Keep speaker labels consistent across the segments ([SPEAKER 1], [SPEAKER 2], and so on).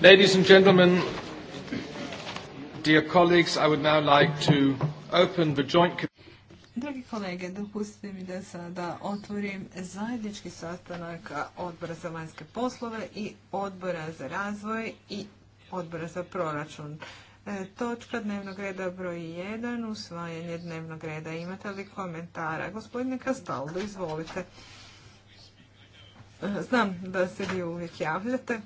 [SPEAKER 1] Ladies and gentlemen, dear colleagues, I would now like to
[SPEAKER 2] open the joint
[SPEAKER 3] Dragi kolege, dopustite mi da sada otvorim zajednički sastanak odbora za vanjske poslove i odbora za razvoj i odbora za proračun. E, točka dnevnog reda broj 1, usvajanje dnevnog reda. Imate li komentara? Gospodine Kastaldo, izvolite. Znam da se vi uvijek javljate.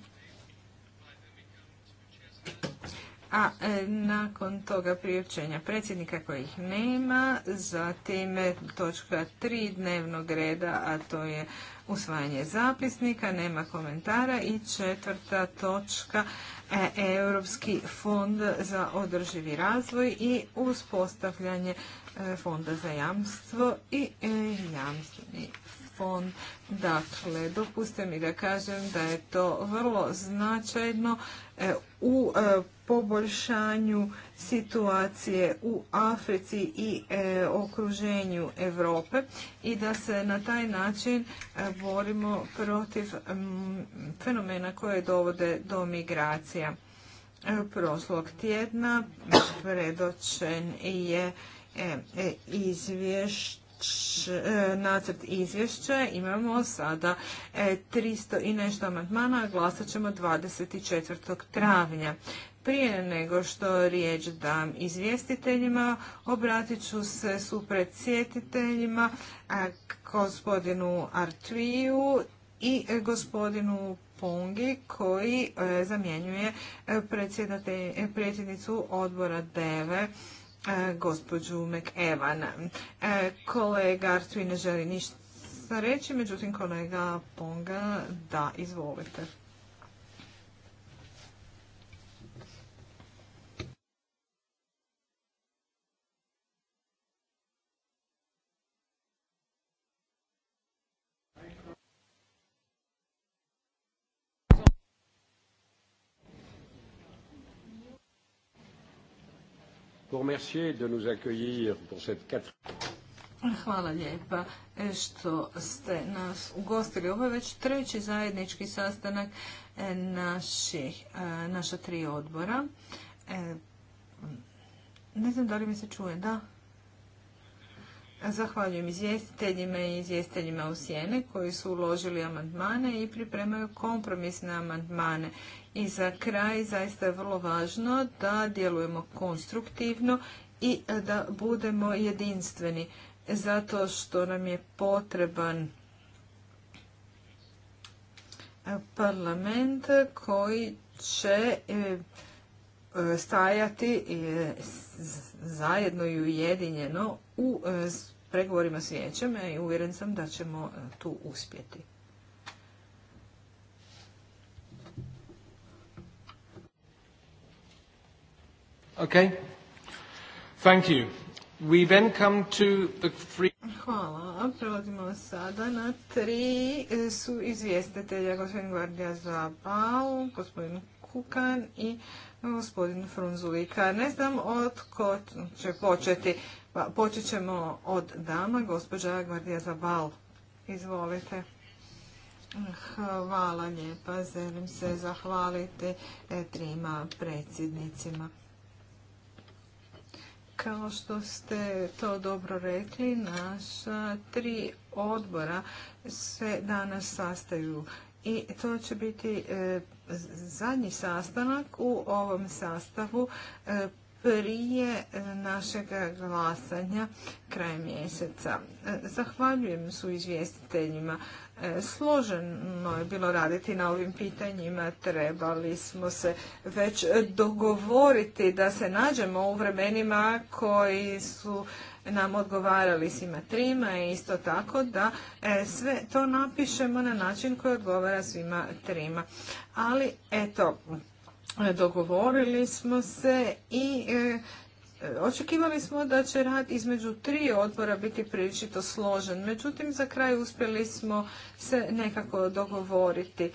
[SPEAKER 3] A e, nakon toga priopćenja predsjednika kojih nema, zatim e, točka tri dnevnog reda, a to je usvajanje zapisnika, nema komentara i četvrta točka e, Europski fond za održivi razvoj i uspostavljanje fonda za jamstvo i jamstveni Dakle, dopuste mi da kažem da je to vrlo značajno e, u e, poboljšanju situacije u Africi i e, okruženju Europe i da se na taj način borimo protiv fenomena koje dovode do migracija. Prošlog tjedna predočen je izvješć E, nacrt izvješća. Imamo sada 300 e, i nešto amandmana, a glasat ćemo 24. travnja. Prije nego što riječ dam izvjestiteljima, obratit ću se su predsjetiteljima, e, gospodinu Artviju i gospodinu Pongi koji zamjenjuje predsjednicu odbora DEVE E, gospođu McEvan. E, kolega Artui ne želi ništa reći, međutim kolega Ponga da, izvolite.
[SPEAKER 1] vous remercier de
[SPEAKER 3] Hvala lijepa e, što ste nas ugostili. Ovo je već treći zajednički sastanak e, naših, e, naša tri odbora. Ne znam da li mi se čuje, da? Zahvaljujem izvjestiteljima i izvjestiteljima u sjene koji su uložili amandmane i pripremaju kompromisne amandmane. I za kraj zaista je vrlo važno da djelujemo konstruktivno i da budemo jedinstveni zato što nam je potreban parlament koji će eh, stajati zajedno i ujedinjeno u e, pregovorima s vijećem i uvjeren sam da ćemo e, tu uspjeti.
[SPEAKER 2] Okay. Thank you. We then come to the
[SPEAKER 3] Hvala. Prelazimo sada na tri e, su izvjestitelja, gospodin Guardia Zabal, gospodin Kukan i gospodin Frunzulika. Ne znam od ko će početi. Pa, počet ćemo od dama, gospođa Gvardija Zabal. Izvolite. Hvala lijepa. Želim se zahvaliti e, trima predsjednicima. Kao što ste to dobro rekli, naša tri odbora se danas sastaju i to će biti e, zadnji sastanak u ovom sastavu e, prije e, našeg glasanja krajem mjeseca. Zahvaljujem su izvjestiteljima. Složeno je bilo raditi na ovim pitanjima, trebali smo se već dogovoriti da se nađemo u vremenima koji su nam odgovarali s trima i isto tako da e, sve to napišemo na način koji odgovara svima trima. Ali eto, dogovorili smo se i e, Očekivali smo da će rad između tri odbora biti priličito složen, međutim za kraj uspjeli smo se nekako dogovoriti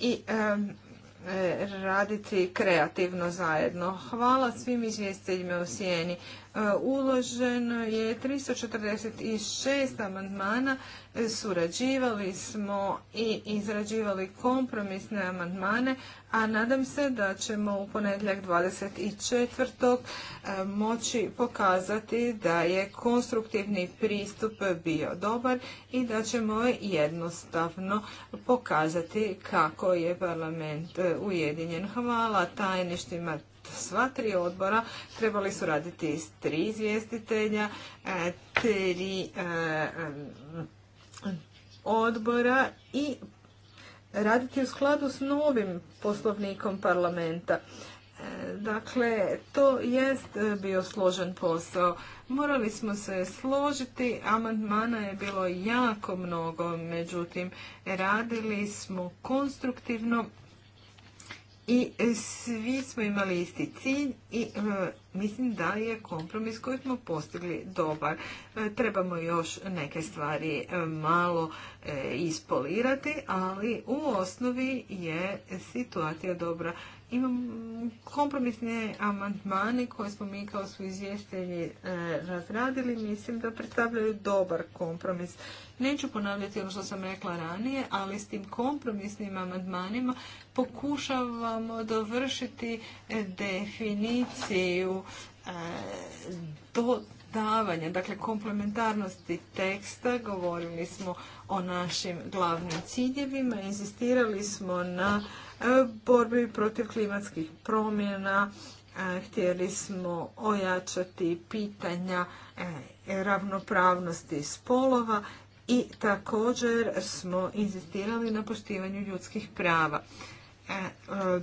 [SPEAKER 3] i e, raditi kreativno zajedno. Hvala svim izvjestiteljima u Sijeni. E, uloženo je 346 amandmana, e, surađivali smo i izrađivali kompromisne amandmane, a nadam se da ćemo u ponedjeljak 24. E, moći pokazati da je konstruktivni pristup bio dobar i da ćemo jednostavno pokazati kako je parlament ujedinjen. Hvala tajništima Sva tri odbora trebali su raditi iz tri izvjestitelja, e, tri e, odbora i raditi u skladu s novim poslovnikom parlamenta. E, dakle, to jest bio složen posao. Morali smo se složiti, amandmana je bilo jako mnogo, međutim, radili smo konstruktivno i e, svi smo imali isti cilj i e, mislim da je kompromis koji smo postigli dobar. E, trebamo još neke stvari malo ispolirati, ali u osnovi je situacija dobra. Imam kompromisne amandmane koje smo mi kao su izvjestitelji e, razradili. Mislim da predstavljaju dobar kompromis. Neću ponavljati ono što sam rekla ranije, ali s tim kompromisnim amandmanima pokušavamo dovršiti e, definiciju e, dodavanja, dakle komplementarnosti teksta, govorili smo o našim glavnim ciljevima, insistirali smo na E, borbi protiv klimatskih promjena, e, htjeli smo ojačati pitanja e, ravnopravnosti spolova i također smo inzistirali na poštivanju ljudskih prava.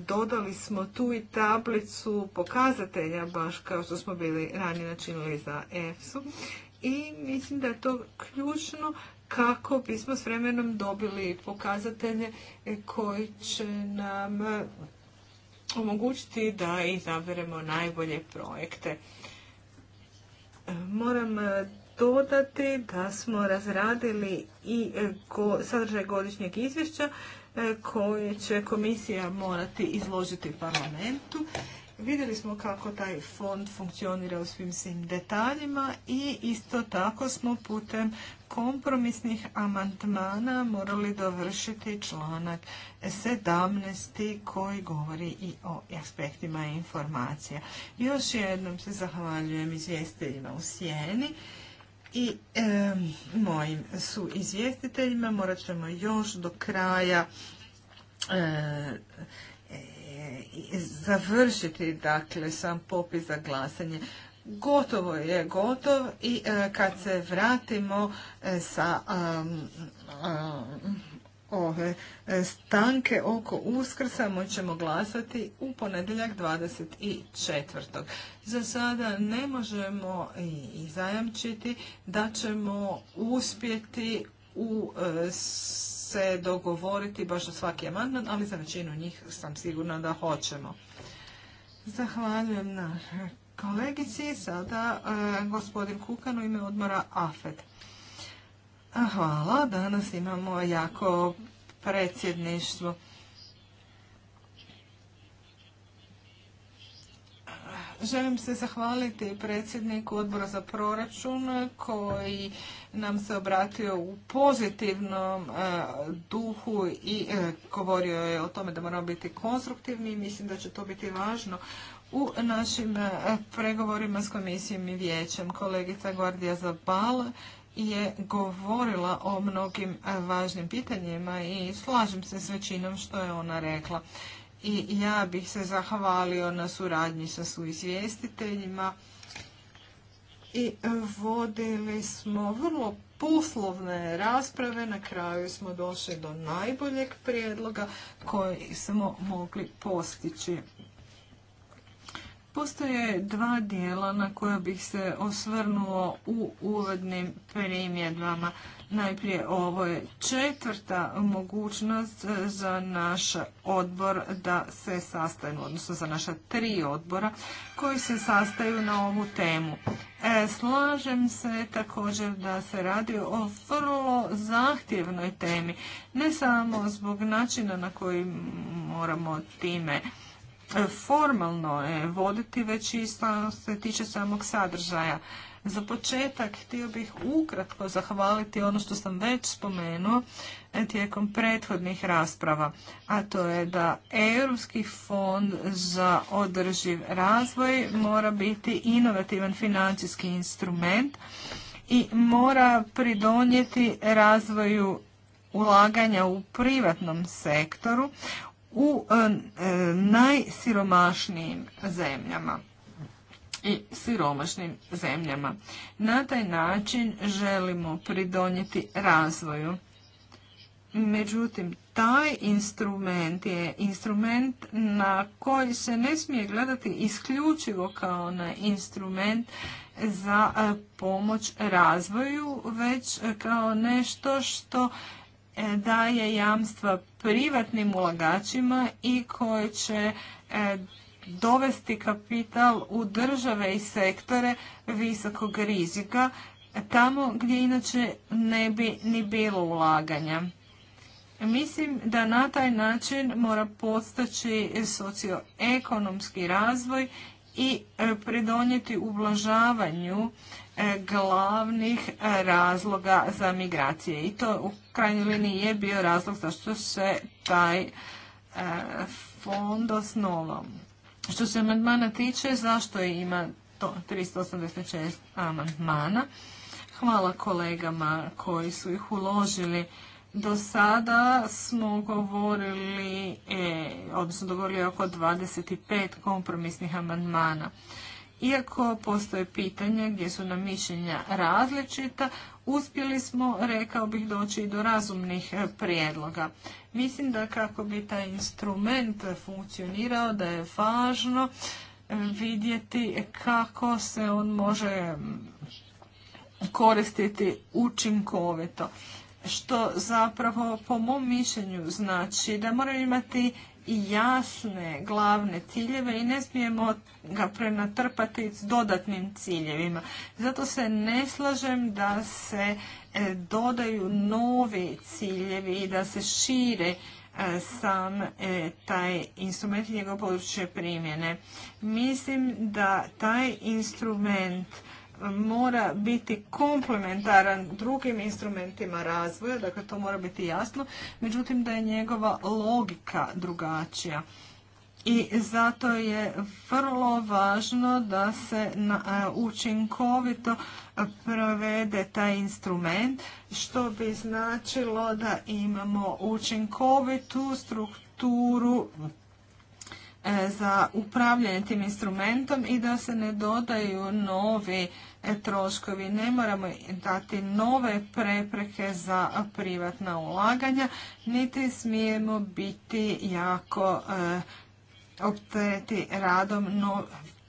[SPEAKER 3] Dodali smo tu i tablicu pokazatelja, baš kao što smo bili ranije načinili za EFSU. I mislim da je to ključno kako bismo s vremenom dobili pokazatelje e, koji će nam e, omogućiti da izaberemo najbolje projekte. E, moram dodati da smo razradili i sadržaj godišnjeg izvješća koje će komisija morati izložiti parlamentu. Vidjeli smo kako taj fond funkcionira u svim svim detaljima i isto tako smo putem kompromisnih amandmana morali dovršiti članak 17. koji govori i o aspektima informacija. Još jednom se zahvaljujem izvjestiteljima u Sjeni i mojim su izvjestiteljima. Morat ćemo još do kraja e, završiti dakle sam popis za glasanje gotovo je gotov i e, kad se vratimo e, sa ove e, stanke oko uskrsa moćemo glasati u ponedjeljak 24. Za sada ne možemo i zajamčiti da ćemo uspjeti u se dogovoriti baš o svaki amandman, ali za većinu njih sam sigurna da hoćemo. Zahvaljujem na kolegici. Sada e, gospodin Kukan u ime odmora AFED. Hvala, danas imamo jako predsjedništvo. Želim se zahvaliti predsjedniku odbora za proračun koji nam se obratio u pozitivnom e, duhu i e, govorio je o tome da moramo biti konstruktivni i mislim da će to biti važno u našim e, pregovorima s komisijom i vijećem. Kolegica Gordija Zabal je govorila o mnogim e, važnim pitanjima i slažem se s većinom što je ona rekla. I ja bih se zahvalio na suradnji sa suizvjestiteljima i vodili smo vrlo poslovne rasprave. Na kraju smo došli do najboljeg prijedloga koji smo mogli postići. Postoje dva dijela na koja bih se osvrnuo u uvodnim primjedbama. Najprije ovo je četvrta mogućnost za naš odbor da se sastaju, odnosno za naša tri odbora koji se sastaju na ovu temu. E, slažem se također da se radi o vrlo zahtjevnoj temi, ne samo zbog načina na koji moramo time formalno je voditi, već i se tiče samog sadržaja. Za početak htio bih ukratko zahvaliti ono što sam već spomenuo e, tijekom prethodnih rasprava, a to je da Europski fond za održiv razvoj mora biti inovativan financijski instrument i mora pridonijeti razvoju ulaganja u privatnom sektoru u e, e, najsiromašnijim zemljama i siromašnim zemljama. Na taj način želimo pridonijeti razvoju. Međutim, taj instrument je instrument na koji se ne smije gledati isključivo kao na instrument za e, pomoć razvoju, već kao nešto što E, daje jamstva privatnim ulagačima i koje će e, dovesti kapital u države i sektore visokog rizika, tamo gdje inače ne bi ni bilo ulaganja. Mislim da na taj način mora postaći socioekonomski razvoj i e, pridonijeti ublažavanju e, glavnih e, razloga za migracije. I to u krajnjoj liniji je bio razlog zašto se taj fond osnovao. Što se amandmana tiče, zašto ima to 386 amandmana? Hvala kolegama koji su ih uložili. Do sada smo govorili, e, odnosno dogovorili oko 25 kompromisnih amandmana. Iako postoje pitanja gdje su nam mišljenja različita, uspjeli smo, rekao bih, doći do razumnih e, prijedloga. Mislim da kako bi taj instrument funkcionirao, da je važno e, vidjeti kako se on može koristiti učinkovito što zapravo po mom mišljenju znači da moramo imati jasne glavne ciljeve i ne smijemo ga prenatrpati s dodatnim ciljevima. Zato se ne slažem da se e, dodaju novi ciljevi i da se šire e, sam e, taj instrument i područje primjene. Mislim da taj instrument mora biti komplementaran drugim instrumentima razvoja, dakle to mora biti jasno, međutim da je njegova logika drugačija. I zato je vrlo važno da se na, e, učinkovito provede taj instrument, što bi značilo da imamo učinkovitu strukturu E, za upravljanje tim instrumentom i da se ne dodaju novi e, troškovi. Ne moramo dati nove prepreke za privatna ulaganja, niti smijemo biti jako e, radom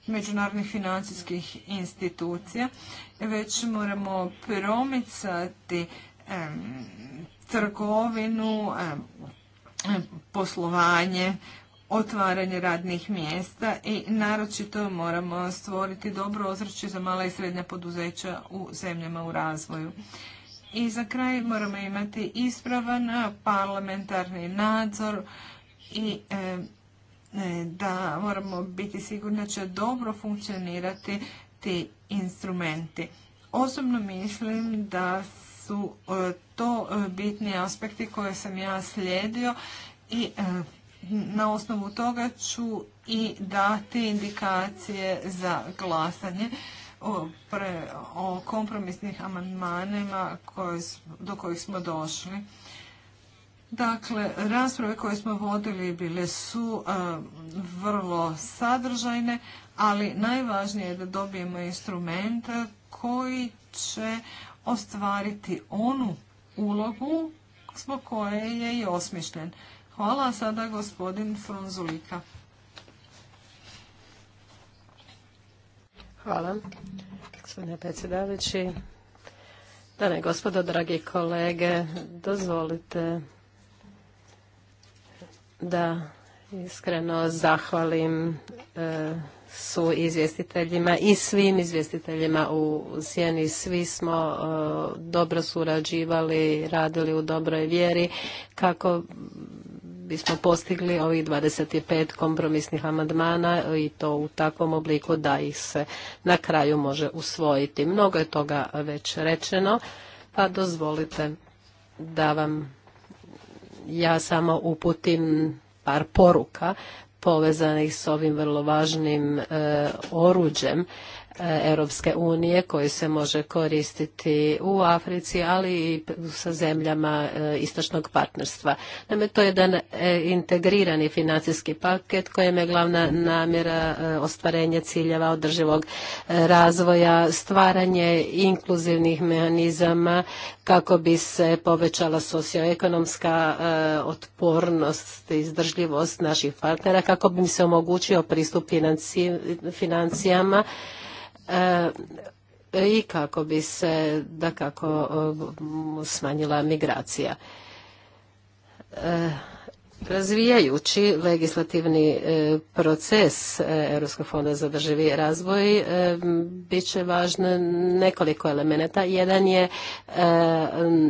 [SPEAKER 3] međunarodnih financijskih institucija, već moramo promicati e, trgovinu, poslovanje otvaranje radnih mjesta i naročito moramo stvoriti dobro ozračje za mala i srednja poduzeća u zemljama u razvoju. I za kraj moramo imati ispravan parlamentarni nadzor i e, e, da moramo biti sigurni da će dobro funkcionirati ti instrumenti. Osobno mislim da su e, to bitni aspekti koje sam ja slijedio i na osnovu toga ću i dati indikacije za glasanje o, pre, o kompromisnih amandmanima koje, do kojih smo došli. Dakle, rasprave koje smo vodili bile su e, vrlo sadržajne, ali najvažnije je da dobijemo instrument koji će ostvariti onu ulogu zbog koje je i osmišljen. Hvala, sada gospodin Frunzulika.
[SPEAKER 1] Hvala, gospodine predsjedavajući. Dame i gospodo, dragi kolege, dozvolite da iskreno zahvalim e, su izvjestiteljima i svim izvjestiteljima u Sjeni. Svi smo e, dobro surađivali, radili u dobroj vjeri kako bismo postigli ovih 25 kompromisnih amandmana i to u takvom obliku da ih se na kraju može usvojiti. Mnogo je toga već rečeno, pa dozvolite da vam ja samo uputim par poruka povezanih s ovim vrlo važnim e, oruđem E, Europske unije koji se može koristiti u Africi, ali i sa zemljama e, istočnog partnerstva. Naime, to je jedan e, integrirani financijski paket kojem je glavna namjera ostvarenje ciljeva održivog razvoja, stvaranje inkluzivnih mehanizama kako bi se povećala socioekonomska otpornost, i izdržljivost naših partnera, kako bi se omogućio pristup financijama E, i kako bi se da kako e, smanjila migracija. E, razvijajući legislativni proces Europskog fonda za drživi razvoj, bit će važno nekoliko elemenata. Jedan je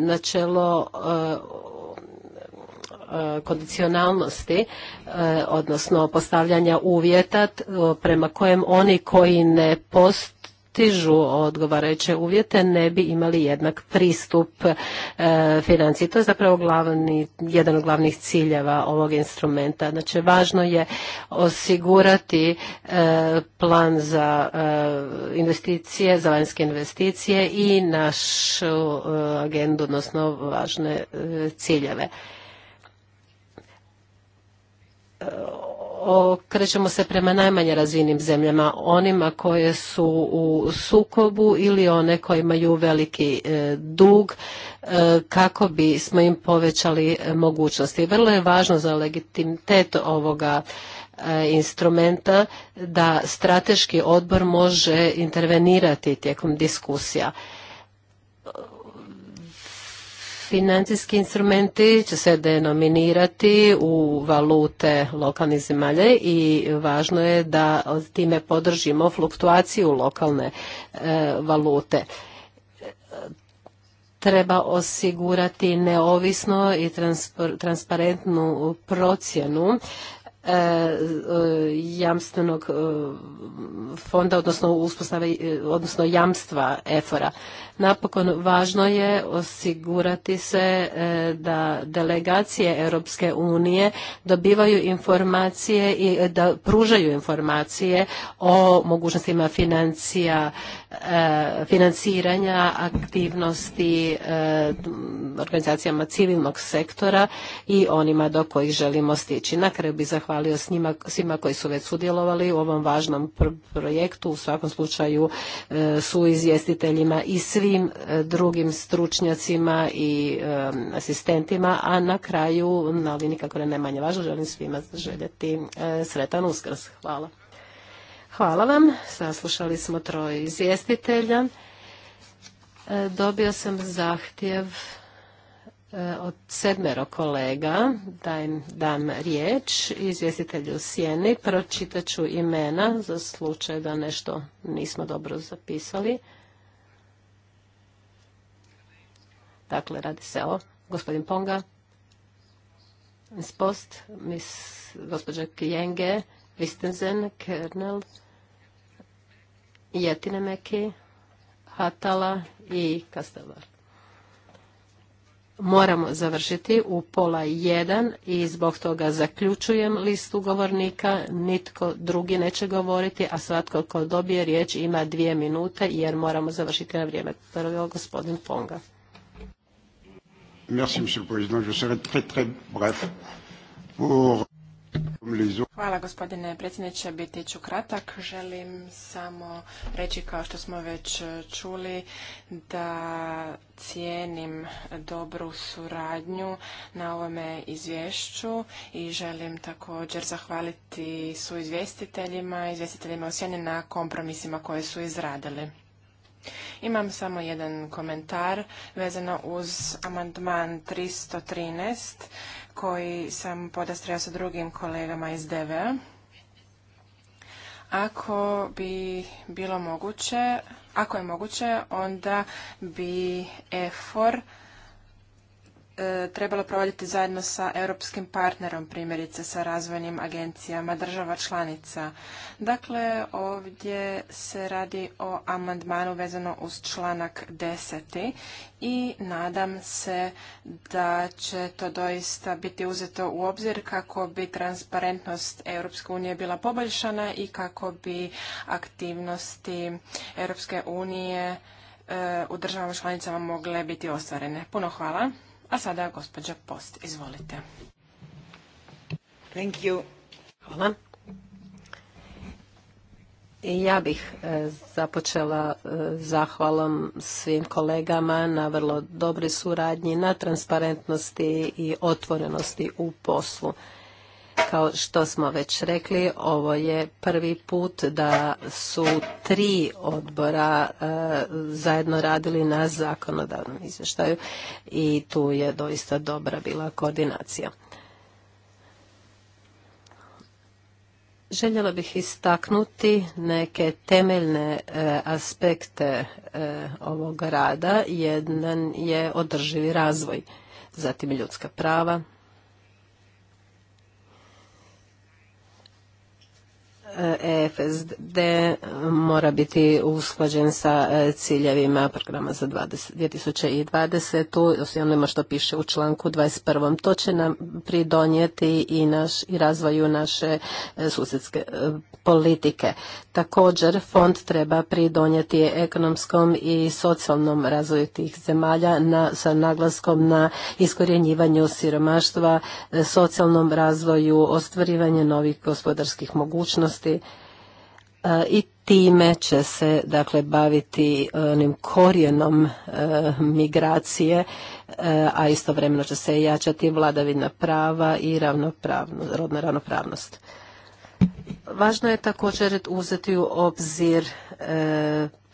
[SPEAKER 1] načelo E, kondicionalnosti, e, odnosno postavljanja uvjeta e, prema kojem oni koji ne postižu odgovarajuće uvjete ne bi imali jednak pristup financiji. To je zapravo jedan od glavnih ciljeva ovog instrumenta. Znači, važno je osigurati plan za investicije, za vanjske investicije i našu agendu, odnosno važne ciljeve krećemo se prema najmanje razvinim zemljama, onima koje su u sukobu ili one koje imaju veliki e, dug e, kako bi smo im povećali mogućnosti. Vrlo je važno za legitimitet ovoga e, instrumenta da strateški odbor može intervenirati tijekom diskusija financijski instrumenti će se denominirati u valute lokalnih zemalja i važno je da time podržimo fluktuaciju lokalne e, valute treba osigurati neovisno i transparentnu procjenu e, e, jamstvenog fonda, odnosno uspostave, odnosno jamstva EFORA. Napokon važno je osigurati se e, da delegacije Europske unije dobivaju informacije i da pružaju informacije o mogućnostima financija, e, financiranja aktivnosti e, organizacijama civilnog sektora i onima do kojih želimo stići. Na kraju bih zahvalio svima koji su već sudjelovali u ovom važnom projektu, u svakom slučaju su izvjestiteljima i svi svim e, drugim stručnjacima i e, asistentima, a na kraju, na nikako ne najmanje važno, želim svima željeti e, sretan uskrs. Hvala. Hvala vam. Saslušali smo troje izvjestitelja. Dobio sam zahtjev od sedmero kolega da im dam riječ izvjestitelju Sjeni. Pročitat ću imena za slučaj da nešto nismo dobro zapisali. Dakle, radi se o gospodin Ponga, Miss Post, Miss gospođa Kijenge, Vistenzen, Kernel, Jetine Hatala i Kastavar. Moramo završiti u pola jedan i zbog toga zaključujem listu govornika. Nitko drugi neće govoriti, a svatko ko dobije riječ ima dvije minute jer moramo završiti na vrijeme. Prvo gospodin Ponga.
[SPEAKER 2] Hvala gospodine predsjedniče, biti ću kratak. Želim samo reći kao što smo već e, čuli da cijenim dobru suradnju na ovome izvješću i želim također zahvaliti su izvjestiteljima, izvjestiteljima u sjeni na kompromisima koje su izradili. Imam samo jedan komentar vezano uz amandman 313 koji sam podastrija sa drugim kolegama iz DVA. Ako bi bilo moguće, ako je moguće, onda bi EFOR E, trebalo provoditi zajedno sa europskim partnerom, primjerice sa razvojnim agencijama država članica. Dakle, ovdje se radi o amandmanu vezano uz članak 10. i nadam se da će to doista biti uzeto u obzir kako bi transparentnost Europske unije bila poboljšana i kako bi aktivnosti Europske unije e, u državama članicama mogle biti ostvarene. Puno hvala. A sada gospođa Post, izvolite. Thank you.
[SPEAKER 1] Hvala. Ja bih e, započela e, zahvalom svim kolegama na vrlo dobre suradnji, na transparentnosti i otvorenosti u poslu. Kao što smo već rekli, ovo je prvi put da su tri odbora e, zajedno radili na zakonodavnom izvještaju i tu je doista dobra bila koordinacija. Željela bih istaknuti neke temeljne e, aspekte e, ovog rada. Jedan je održivi razvoj, zatim ljudska prava, EFSD mora biti usklađen sa e, ciljevima programa za 2020. osim onima što piše u članku 21. To će nam pridonijeti i, naš, i razvoju naše e, susjedske e, politike. Također, fond treba pridonijeti ekonomskom i socijalnom razvoju tih zemalja na, sa naglaskom na iskorjenjivanju siromaštva, socijalnom razvoju, ostvarivanje novih gospodarskih mogućnosti, E, i time će se dakle baviti onim korijenom e, migracije, e, a istovremeno će se jačati vladavina prava i ravnopravnost, rodna ravnopravnost. Važno je također uzeti u obzir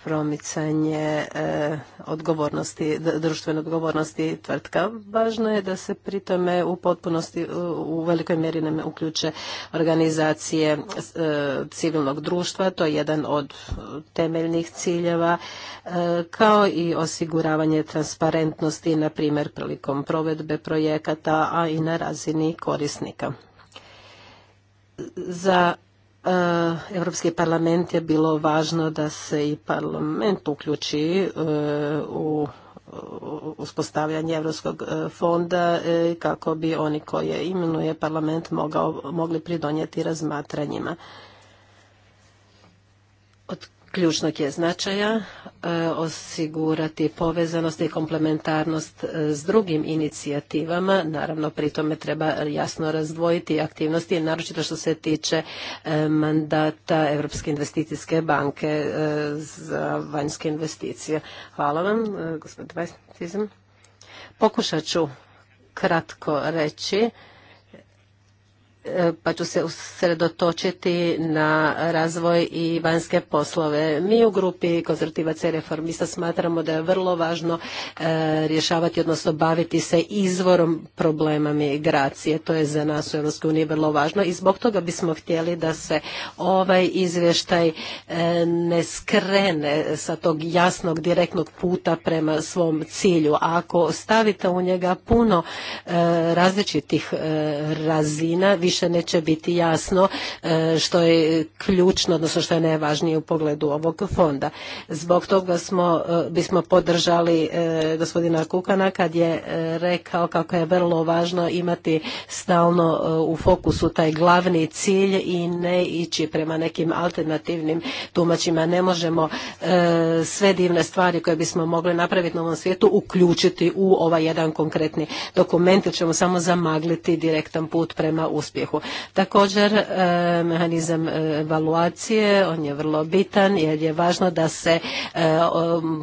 [SPEAKER 1] promicanje e, odgovornosti, društvene odgovornosti tvrtka. Važno je da se pri tome u potpunosti, u velikoj mjeri nam uključe organizacije e, civilnog društva, to je jedan od temeljnih ciljeva, e, kao i osiguravanje transparentnosti, na primjer prilikom provedbe projekata, a i na razini korisnika. Za Europski eh, parlament je bilo važno da se i parlament uključi eh, u uspostavljanje Europskog eh, fonda kako bi oni koje imenuje parlament mogli pridonijeti razmatranjima. Od ključnog je značaja e, osigurati povezanost i komplementarnost e, s drugim inicijativama. Naravno, pri tome treba jasno razdvojiti aktivnosti, naročito što se tiče e, mandata Europske investicijske banke za vanjske investicije. Hvala vam, gospodin Vajs. Pokušat ću kratko reći pa ću se usredotočiti na razvoj i vanjske poslove. Mi u grupi konzervativaca i reformista smatramo da je vrlo važno e, rješavati, odnosno baviti se izvorom problema migracije. To je za nas u EU vrlo važno i zbog toga bismo htjeli da se ovaj izvještaj e, ne skrene sa tog jasnog, direktnog puta prema svom cilju. A ako stavite u njega puno e, različitih razina, više više neće biti jasno e, što je ključno, odnosno što je najvažnije u pogledu ovog fonda. Zbog toga smo, e, bismo podržali e, gospodina Kukana kad je rekao kako je vrlo važno imati stalno u fokusu taj glavni cilj i ne ići prema nekim alternativnim tumačima. Ne možemo sve divne stvari koje bismo mogli napraviti na ovom svijetu uključiti u ovaj jedan konkretni dokument jer ćemo samo zamagliti direktan put prema uspjehu uspjehu. Također, e, mehanizam e, evaluacije, on je vrlo bitan jer je važno da se e,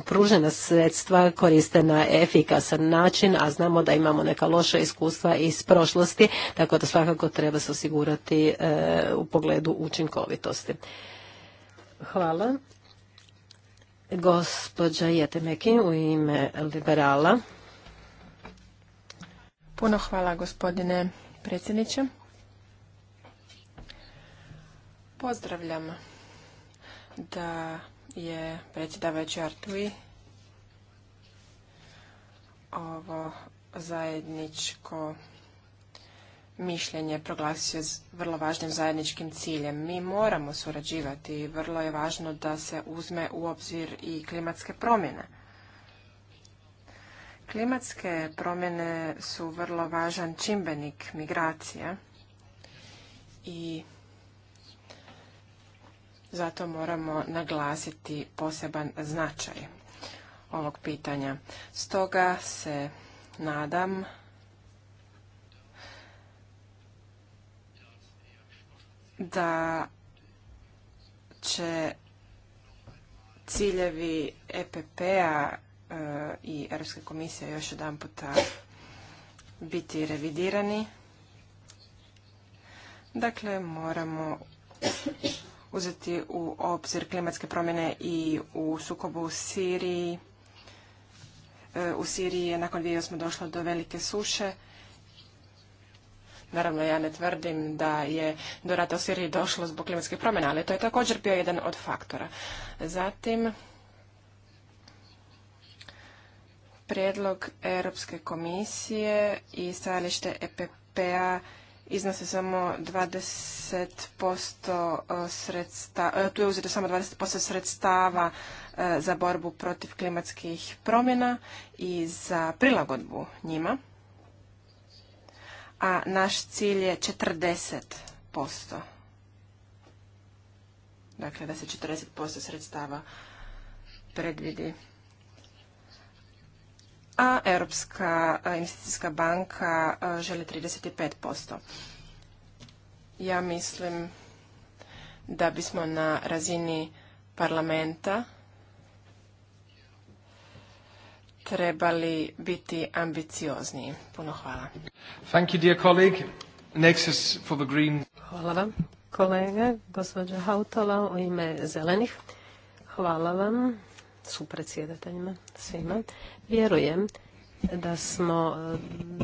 [SPEAKER 1] pružena sredstva koriste na efikasan način, a znamo da imamo neka loša iskustva iz prošlosti, tako da svakako treba se osigurati u pogledu učinkovitosti. Hvala. Gospođa Jetemekin u ime liberala. Puno hvala
[SPEAKER 2] gospodine predsjedniče. Pozdravljam da je predsjedavajući Artui ovo zajedničko mišljenje proglasio vrlo važnim zajedničkim ciljem. Mi moramo surađivati i vrlo je važno da se uzme u obzir i klimatske promjene. Klimatske promjene su vrlo važan čimbenik migracije i zato moramo naglasiti poseban značaj ovog pitanja. Stoga se nadam da će ciljevi EPP-a e, i Europske komisije još jedan puta biti revidirani. Dakle, moramo uzeti u obzir klimatske promjene i u sukobu u Siriji. E, u Siriji je nakon 2008. došlo do velike suše. Naravno, ja ne tvrdim da je do rata u Siriji došlo zbog klimatskih promjena, ali to je također bio jedan od faktora. Zatim, prijedlog Europske komisije i stajalište EPP-a iznose samo 20% e, sredstava, e, tu je uzeto samo 20% sredstava e, za borbu protiv klimatskih promjena i za prilagodbu njima, a naš cilj je 40%. Dakle, da se 40% sredstava predvidi a Europska investicijska banka želi 35%. Ja mislim da bismo na razini parlamenta trebali biti ambiciozniji. Puno hvala.
[SPEAKER 1] Thank you, dear colleague. for the green. Hvala vam, kolega, gospođa Hautala, u ime zelenih. Hvala vam su predsjedateljima svima. Vjerujem da smo e,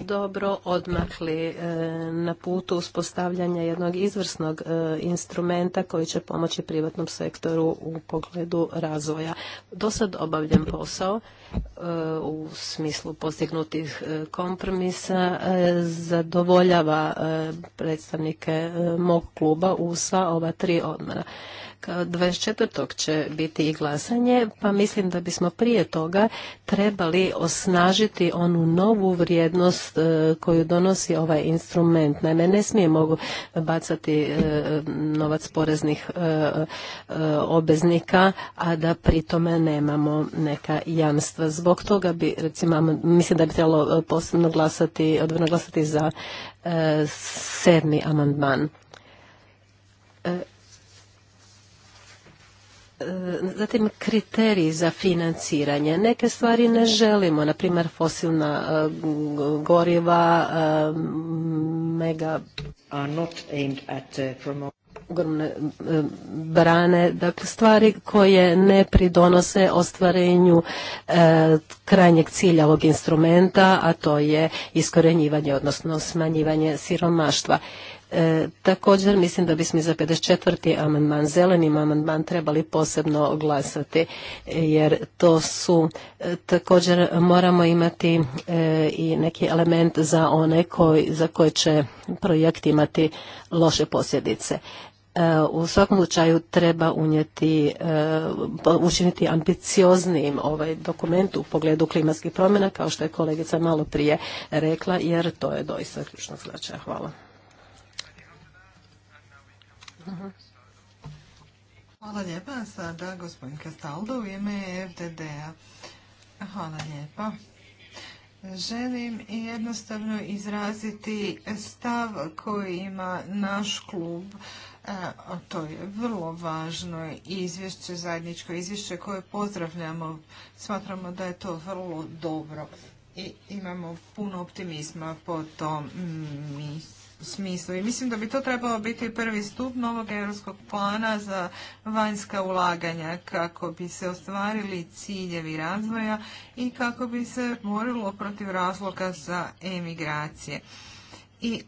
[SPEAKER 1] dobro odmakli e, na putu uspostavljanja jednog izvrsnog e, instrumenta koji će pomoći privatnom sektoru u pogledu razvoja. Do sad obavljen posao u smislu postignutih kompromisa zadovoljava predstavnike mog kluba u sva ova tri odmora. 24. će biti i glasanje, pa mislim da bismo prije toga trebali osnažiti onu novu vrijednost e, koju donosi ovaj instrument. Naime, ne smije mogu bacati e, novac poreznih e, obeznika, a da pri tome nemamo neka jamstva. Zbog toga bi, recimo, mislim da bi trebalo posebno glasati, odvrno glasati za sedmi amandman Zatim kriteriji za financiranje. Neke stvari ne želimo, na primjer fosilna e, goriva, e, mega uh, ogromne e, brane, dakle stvari koje ne pridonose ostvarenju krajnjeg cilja ovog instrumenta, a to je iskorenjivanje, odnosno smanjivanje siromaštva. E, također mislim da bismo i za 54. amandman zelenim amandman trebali posebno glasati e, jer to su e, također moramo imati i neki element za one za koje će projekt imati loše posljedice. U svakom slučaju treba unijeti, pa, učiniti ambicioznijim ovaj dokument u pogledu klimatskih promjena kao što je kolegica malo prije rekla jer to je doista ključno značaja. Hvala.
[SPEAKER 3] Hvala lijepa. Sada gospodin Kastaldo u ime FDD-a. Hvala lijepa. Želim jednostavno izraziti stav koji ima naš klub. a to je vrlo važno izvješće, zajedničko izvješće koje pozdravljamo. Smatramo da je to vrlo dobro i imamo puno optimizma po tom mi. Mm, smislu. I mislim da bi to trebalo biti prvi stup novog europskog plana za vanjska ulaganja kako bi se ostvarili ciljevi razvoja i kako bi se borilo protiv razloga za emigracije. I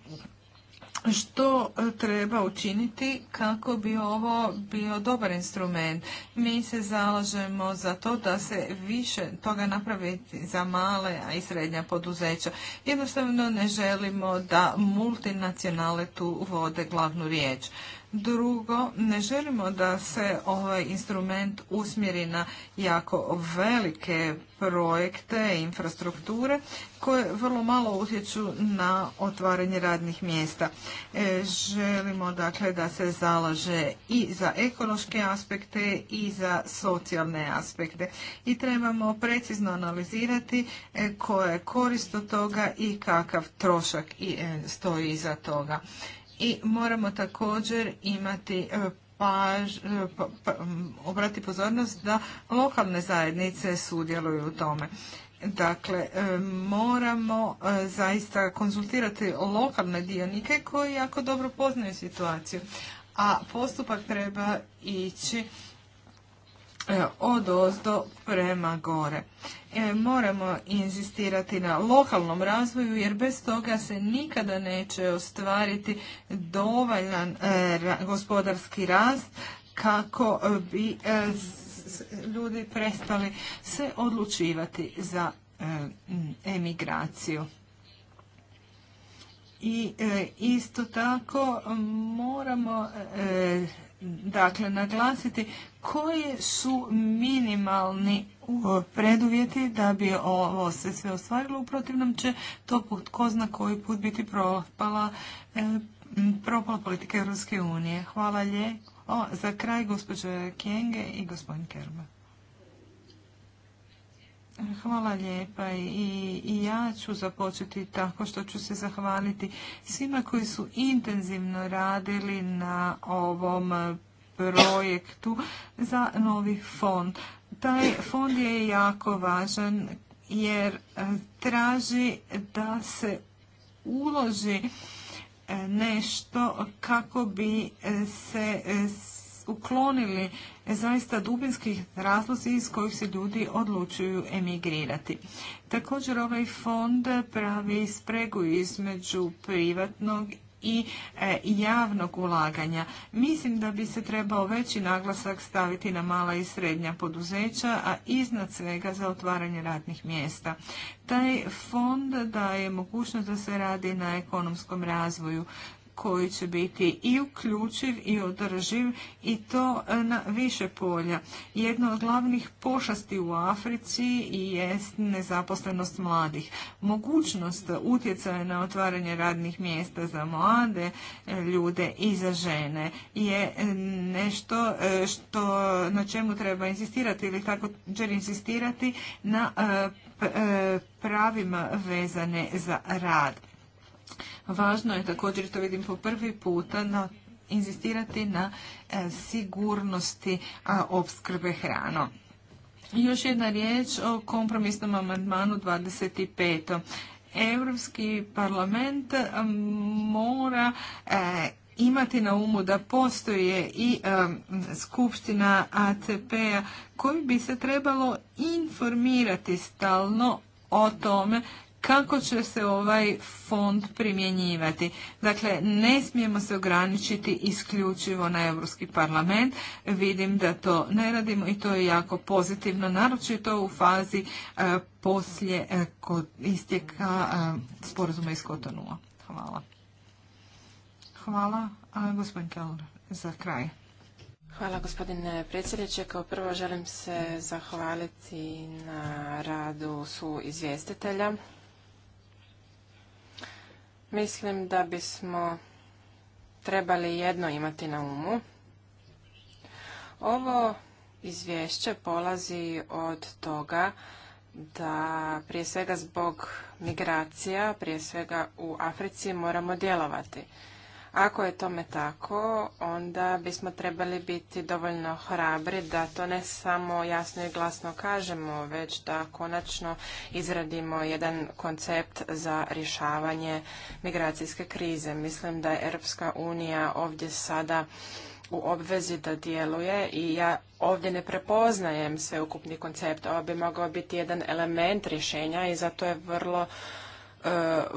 [SPEAKER 3] što e, treba učiniti kako bi ovo bio dobar instrument. Mi se zalažemo za to da se više toga napravi za male i srednja poduzeća. Jednostavno ne želimo da multinacionale tu vode glavnu riječ. Drugo, ne želimo da se ovaj instrument usmjeri na jako velike projekte, infrastrukture koje vrlo malo utječu na otvaranje radnih mjesta. E, želimo dakle da se zalaže i za ekološke aspekte i za socijalne aspekte i trebamo precizno analizirati e, koja je korist od toga i kakav trošak e, stoji iza toga i moramo također imati e, paž, e, pa, pa obrati pozornost da lokalne zajednice sudjeluju u tome. Dakle, e, moramo zaista konzultirati lokalne dionike koji jako dobro poznaju situaciju, a postupak treba ići od ozdo prema gore. E, moramo inzistirati na lokalnom razvoju jer bez toga se nikada neće ostvariti dovoljan e, gospodarski rast kako e, bi ljudi prestali se odlučivati za emigraciju. I isto tako moramo dakle naglasiti koji su minimalni preduvjeti da bi ovo se sve ostvarilo. U protivnom će to put ko zna koji put biti propala, e, propala politika Europske unije. Hvala lijepo. Za kraj gospođe Kjenge i gospodin Kerba. Hvala lijepa I, ja ću započeti tako što ću se zahvaliti svima koji su intenzivno radili na ovom projektu za novi fond. Taj fond je jako važan jer e, traži da se uloži e, nešto kako bi e, se uklonili E, zaista dubinskih razlozi iz kojih se ljudi odlučuju emigrirati. Također ovaj fond pravi spregu između privatnog i e, javnog ulaganja. Mislim da bi se trebao veći naglasak staviti na mala i srednja poduzeća, a iznad svega za otvaranje radnih mjesta. Taj fond daje mogućnost da se radi na ekonomskom razvoju koji će biti i uključiv i održiv i to e, na više polja. Jedno od glavnih pošasti u Africi jest nezaposlenost mladih. Mogućnost utjecaja na otvaranje radnih mjesta za mlade e, ljude i za žene je e, nešto što, na čemu treba insistirati ili također insistirati na pravima vezane za rad. Važno je također, to vidim po prvi puta, na inzistirati na e, sigurnosti opskrbe hranom. Još jedna riječ o kompromisnom amandmanu 25. Europski parlament e, mora e, imati na umu da postoje i skupština ACP-a koju bi se trebalo informirati stalno o tome kako će se ovaj fond primjenjivati. Dakle, ne smijemo se ograničiti isključivo na Europski parlament. Vidim da to ne radimo i to je jako pozitivno, naročito u fazi e, poslije e, kod istjeka e, sporazuma iz Kotonua. Hvala. Hvala, gospodin Keller, za kraj.
[SPEAKER 2] Hvala gospodine predsjedniče. Kao prvo želim se zahvaliti na radu su izvjestitelja. Mislim da bismo trebali jedno imati na umu. Ovo izvješće polazi od toga da prije svega zbog migracija, prije svega u Africi moramo djelovati. Ako je tome tako, onda bismo trebali biti dovoljno hrabri da to ne samo jasno i glasno kažemo, već da konačno izradimo jedan koncept za rješavanje migracijske krize. Mislim da je Europska unija ovdje sada u obvezi da djeluje i ja ovdje ne prepoznajem sveukupni koncept. Ovo bi mogao biti jedan element rješenja i zato je vrlo E,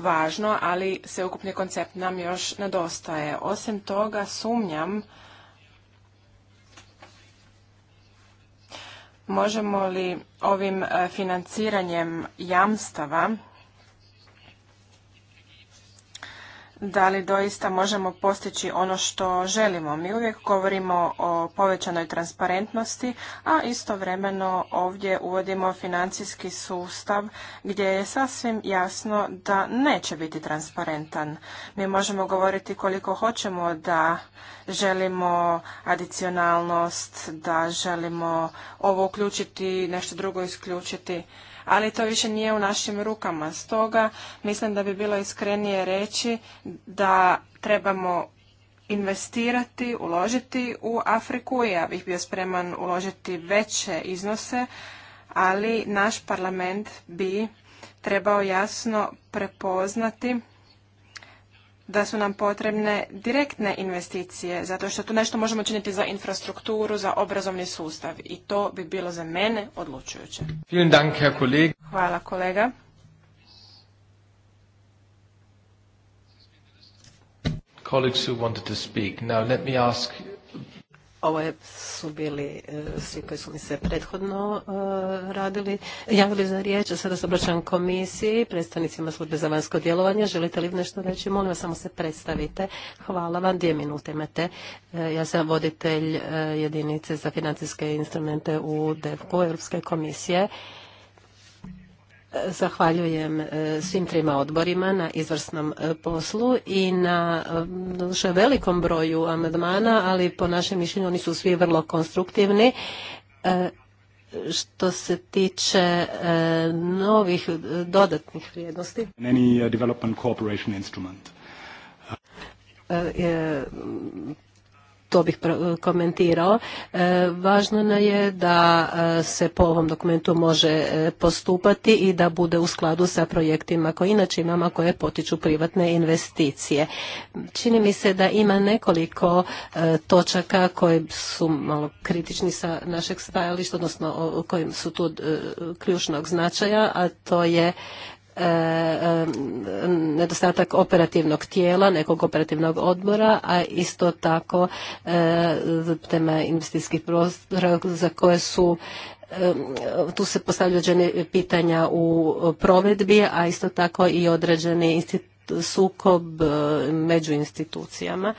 [SPEAKER 2] važno, ali sveukupni koncept nam još nedostaje. Osim toga, sumnjam možemo li ovim e, financiranjem jamstava da li doista možemo postići ono što želimo. Mi uvijek govorimo o povećanoj transparentnosti, a istovremeno ovdje uvodimo financijski sustav gdje je sasvim jasno da neće biti transparentan. Mi možemo govoriti koliko hoćemo da želimo adicionalnost, da želimo ovo uključiti, nešto drugo isključiti ali to više nije u našim rukama. Stoga mislim da bi bilo iskrenije reći da trebamo investirati, uložiti u Afriku. Ja bih bio spreman uložiti veće iznose, ali naš parlament bi trebao jasno prepoznati da su nam potrebne direktne investicije, zato što tu nešto možemo činiti za infrastrukturu, za obrazovni sustav i to bi bilo za mene odlučujuće. Hvala kolega. colleagues who
[SPEAKER 1] ovo su bili e, svi koji su mi se prethodno e, radili, javili za riječ, a sada se obraćam komisiji, predstavnicima službe za vanjsko djelovanje. Želite li nešto reći? Molim vas, samo se predstavite. Hvala vam, dvije minute imate. E, ja sam voditelj jedinice za financijske instrumente u DEVKU Europske komisije. Zahvaljujem e, svim trima odborima na izvrsnom e, poslu i na e, velikom broju amandmana, ali po našem mišljenju oni su svi vrlo konstruktivni. Što se tiče novih dodatnih vrijednosti. Any uh, development cooperation instrument to bih e, komentirao. E, važno je da e, se po ovom dokumentu može postupati i da bude u skladu sa projektima koji inače imamo koje potiču privatne investicije. Čini mi se da ima nekoliko točaka koje su malo kritični sa našeg stajališta, odnosno kojim su tu ključnog značaja, a to je E, e, nedostatak operativnog tijela, nekog operativnog odbora, a isto tako e, tema investicijskih prostora za koje su tu se postavljaju određene pitanja u provedbi, a isto tako i određeni sukob e, među institucijama.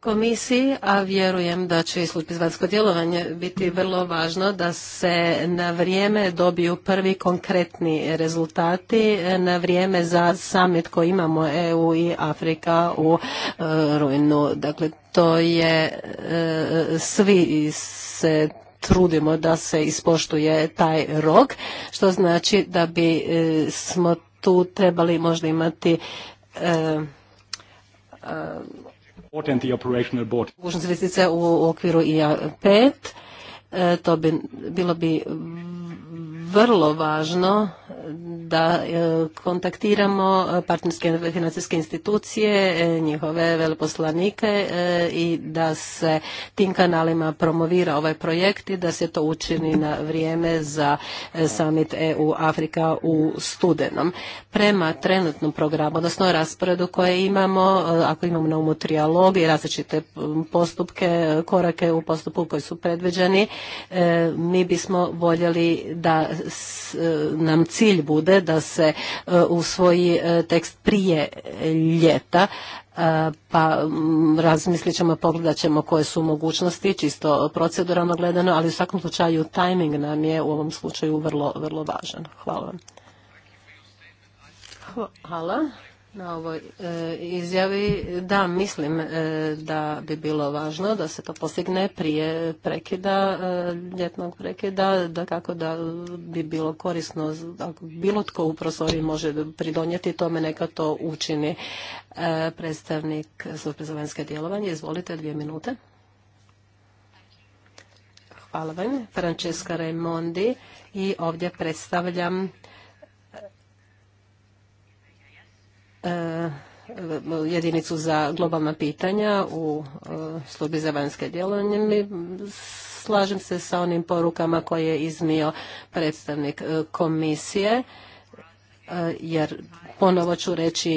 [SPEAKER 1] Komisiji, a vjerujem da će i službi za djelovanje biti vrlo važno da se na vrijeme dobiju prvi konkretni rezultati na vrijeme za summit koji imamo EU i Afrika u e, rujnu. Dakle, to je e, svi se trudimo da se ispoštuje taj rok, što znači da bi smo tu trebali možda imati e, e,
[SPEAKER 3] mogućnost
[SPEAKER 1] uh, uh, u okviru IA5. E, to bi bilo bi vrlo važno da e, kontaktiramo partnerske financijske institucije, e, njihove veleposlanike e, i da se tim kanalima promovira ovaj projekt i da se to učini na vrijeme za summit EU Afrika u studenom. Prema trenutnom programu, odnosno rasporedu koje imamo, ako imamo na umu trijalog i različite postupke, korake u postupku koji su predviđeni, mi bismo voljeli da E, nam cilj bude da se e, usvoji e, tekst prije ljeta, pa razmislit ćemo, pogledat ćemo koje su mogućnosti, čisto proceduralno gledano, ali u svakom slučaju tajming nam je u ovom slučaju vrlo, vrlo važan. Hvala vam. Hvala na ovoj e, izjavi. Da, mislim e, da bi bilo važno da se to postigne prije prekida, e, ljetnog prekida, da kako da bi bilo korisno, ako bilo tko u prostoriji može pridonijeti tome, neka to učini predstavnik službe za vanjske djelovanje. Izvolite, dvije minute. Hvala vam, Francesca Raimondi i ovdje predstavljam E, jedinicu za globalna pitanja u e, službi za vanjske djelovanje. slažem se sa onim porukama koje je iznio predstavnik e, komisije jer ponovo ću reći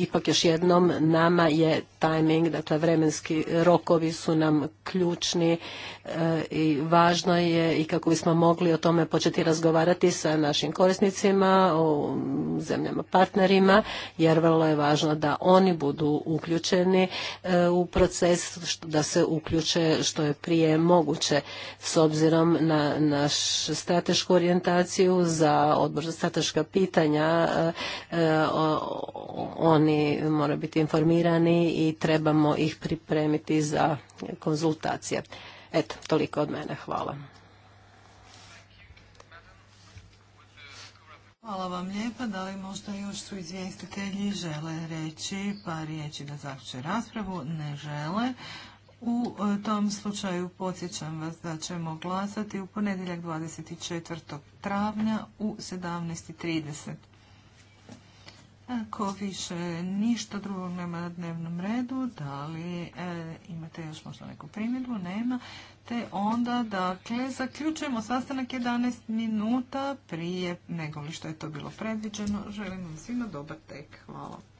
[SPEAKER 1] ipak još jednom nama je timing, dakle vremenski rokovi su nam ključni e, i važno je i kako bismo mogli o tome početi razgovarati sa našim korisnicima, o zemljama partnerima, jer vrlo je važno da oni budu uključeni e, u proces, da se uključe što je prije moguće s obzirom na naš stratešku orijentaciju za odbor za strateška pitanja e, oni moraju biti informirani i trebamo ih pripremiti za konzultacije. Eto, toliko od mene. Hvala.
[SPEAKER 3] Hvala vam lijepa. Da li možda još su izvjestitelji žele reći pa riječi da zaključe raspravu? Ne žele. U e, tom slučaju podsjećam vas da ćemo glasati u ponedjeljak 24. travnja u 17.30. Ako više ništa drugog nema na dnevnom redu, da li e, imate još možda neku primjedbu? Nema. Te onda, dakle, zaključujemo sastanak 11 minuta prije nego li što je to bilo predviđeno. Želim vam svima dobar tek. Hvala.